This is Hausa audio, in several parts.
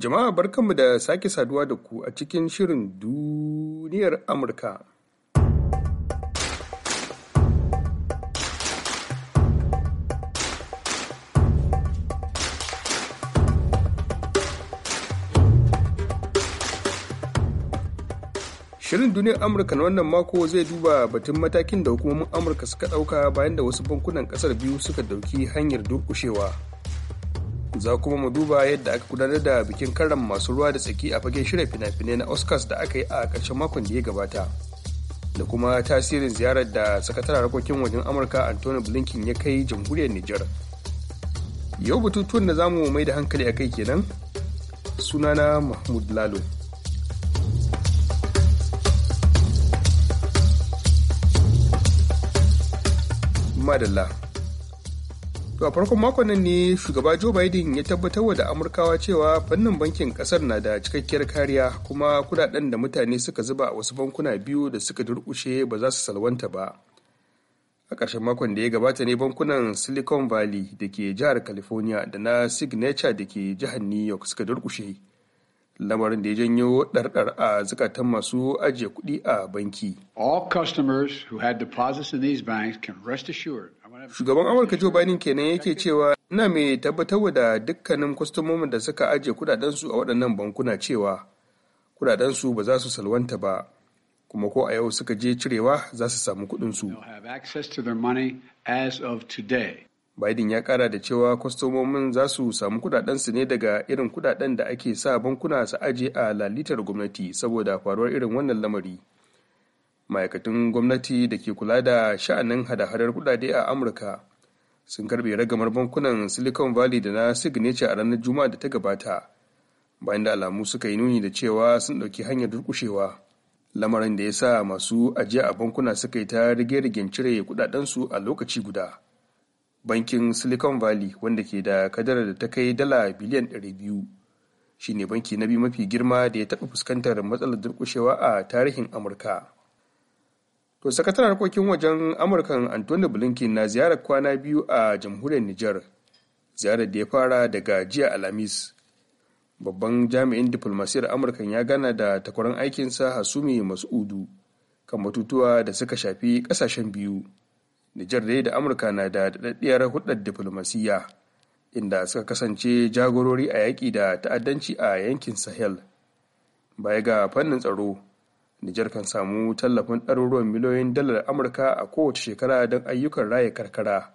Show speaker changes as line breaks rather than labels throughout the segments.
Jama'a barkanmu da sake saduwa da ku a cikin shirin duniyar Amurka. Shirin duniyar Amurka na wannan mako zai duba batun matakin da hukumomin Amurka suka ɗauka bayan da wasu bankunan ƙasar biyu suka ɗauki hanyar durƙushewa. za kuma mu duba yadda aka gudanar da bikin karan masu ruwa da tsaki a fagen shirya fina-finai na oscars da aka yi a ƙarshen makon da ya gabata da kuma tasirin ziyarar da sakataren harkokin wajen amurka antony blinken ya kai jamhuriyar niger yau batutuwan da zamu mai da hankali a kai kenan sunana mahmud lalo madalla To a farkon makon nan ne shugaba Joe Biden ya tabbatar wa da Amurkawa cewa fannin bankin kasar na da cikakkiyar kariya kuma kudaden da mutane suka zuba a wasu bankuna biyu da suka durkushe ba za su salwanta ba. A ƙarshen makon da ya gabata ne bankunan Silicon Valley da ke jihar California da na Signature da ke jihar New York suka durkushe. Lamarin da ya janyo ɗarɗar a zukatan masu ajiye kuɗi a banki. All customers who had deposits in these banks can rest assured Shugaban Amurka Joe Biden kenan yake cewa ina mai tabbatar da dukkanin kwastomomin da suka ajiye kudadensu a waɗannan bankuna cewa kudadensu ba za su salwanta ba kuma ko a yau suka je cirewa za su samu kuɗinsu. Biden ya kara da cewa kwastomomin za su samu kudadensu ne daga irin kudaden da ake sa bankuna su ajiye a lalitar gwamnati saboda faruwar irin wannan lamari. ma'aikatan gwamnati da ke kula da sha'anin hada-hadar kudade a amurka sun karbe ragamar bankunan silicon valley da na signature a ranar juma'a da ta gabata bayan da alamu suka yi nuni da cewa sun ɗauki hanyar durkushewa lamarin da ya sa masu ajiya a bankuna suka yi ta rige-rigen cire kudadensu a lokaci guda bankin silicon valley wanda ke da kadarar da ta kai dala biliyan 200 shine banki na biyu mafi girma da ya taɓa fuskantar matsalar durkushewa a tarihin amurka To sakataren harkokin wajen Amurkan Antony Blinken na ziyarar kwana biyu a jamhuriyar Nijar, ziyarar da ya fara daga jiya Alhamis. Babban jami'in diplomasiyar Amurkan ya gana da takwaran aikinsa Hasumi Mas'udu kan batutuwa da suka shafi kasashen biyu. Nijar dai da Amurka na da daɗaɗɗiyar hudar diplomasiyya inda suka kasance jagorori a yaƙi da ta'addanci a yankin Sahel. Baya ga fannin tsaro, Nijar kan samu tallafin ɗaruruwan miliyoyin dalar Amurka a kowace shekara don ayyukan raya karkara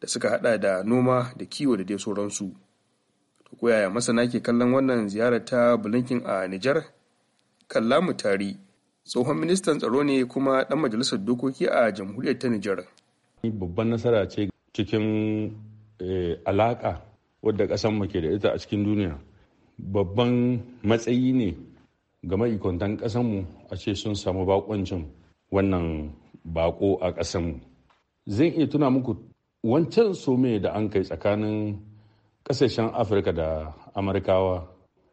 da suka hada da noma da kiwo da dai sauransu. To koyaya masana ke kallon wannan ziyarar ta Blinken a Nijar? Kalla tari tsohon ministan tsaro ne kuma ɗan majalisar dokoki a jamhuriyar ta Nijar.
Babban nasara ce cikin eh, alaƙa wadda ƙasar mu ke da ita a cikin duniya. Babban matsayi ne ga ma'aikatan ƙasanmu a ce sun samu bakoncin wannan bako a mu. zan iya tuna muku wancan some da an kai tsakanin ƙasashen afirka da amurkawa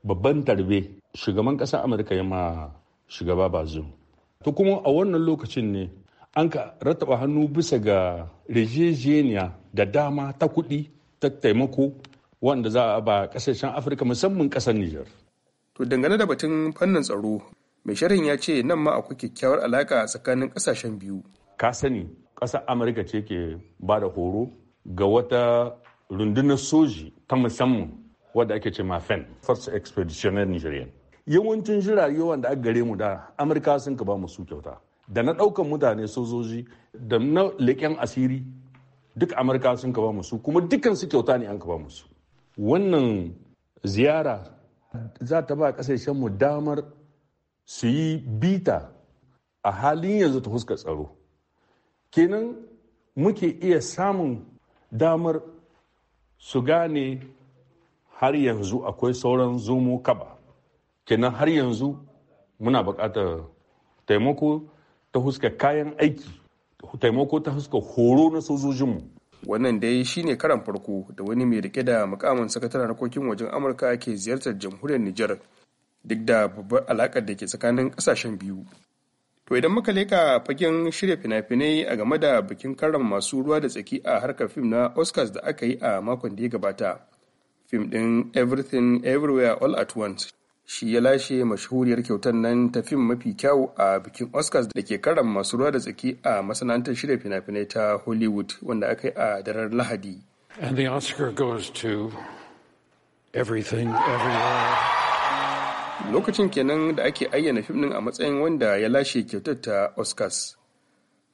babban tarbe shugaban ƙasar amurka ya ma shugaba bazum to kuma a wannan lokacin ne an ka rataba hannu bisa ga rejejeniya da dama ta kuɗi ta taimako wanda za a ba ƙasashen afirka musamman ƙasar
nijar. To dangane da batun fannin tsaro, mai sharhin ya ce nan ma akwai kyakkyawar alaka
tsakanin ƙasashen biyu. Ka sani ƙasar Amurka ce ke ba da horo ga wata rundunar soji ta musamman wadda ake ce mafen First Expeditionary Nigerian. Yawancin jirage wanda aka gare mu da Amurka sun ka ba mu su kyauta. Da na ɗaukan mutane sojoji da na leƙen asiri duk Amurka sun ka ba mu su kuma dukkan su kyauta ne an ka ba mu su. Wannan ziyara za ta ba mu damar su yi bita a halin yanzu ta fuskar tsaro kenan muke iya samun damar su gane har yanzu akwai sauran zomo kaba kenan har yanzu muna bukatar taimako ta huska kayan aiki taimako ta huska horo na sojojinmu wannan
dai shine karan farko da wani mai rike da mukamin sakataren harkokin wajen amurka ke ziyartar jamhuriyar nijar duk da babbar alakar da ke tsakanin kasashen biyu to idan muka leka fagen shirya fina-finai a game da bikin karan masu ruwa da tsaki a harkar fim na oscars da aka yi a makon da ya gabata fim ɗin everything everywhere all at once shi ya lashe mashahuriyar kyautar nan ta fim mafi kyau a bikin oscars da ke karan masu ruwa da tsaki a masana'antar shirya fina-finai ta hollywood wanda aka yi a daren lahadi and the oscar goes to everything everywhere lokacin kenan da ake ayyana fim din a matsayin wanda ya lashe kyautar ta oscars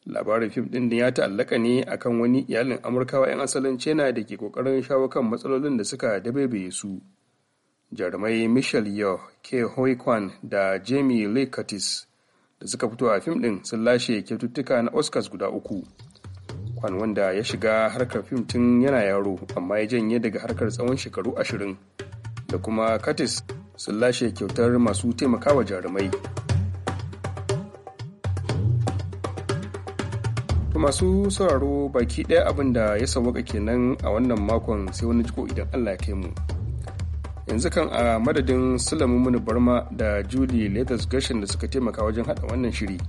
labarin fim din ya ta'allaka ne akan wani iyalin amurkawa 'yan asalin china da ke kokarin shawo kan matsalolin da suka dabaibaye su jarumai michelle yeoh ke hoi da jamie lee curtis da suka fito a fim ɗin sun lashe kyaututtuka na oscars guda uku kwan wanda ya shiga harkar fim tun yana yaro amma ya janye daga harkar tsawon shekaru ashirin da kuma curtis sun lashe kyautar masu taimakawa jarumai masu sauraro baki ɗaya abin da ya sauwaka kenan a wannan makon sai wani jiko idan allah ya kai mu yanzu kan a madadin sulamu mini barma da judy latest gashin da suka taimaka wajen hada wannan shiri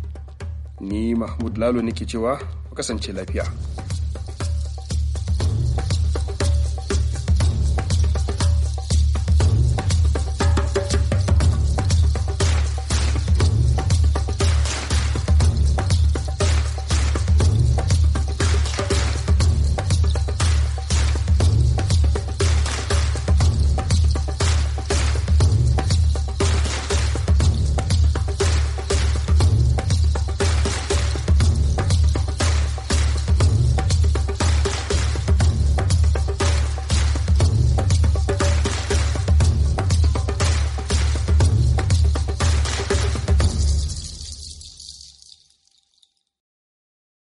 ni mahmud lalo nake cewa kasance lafiya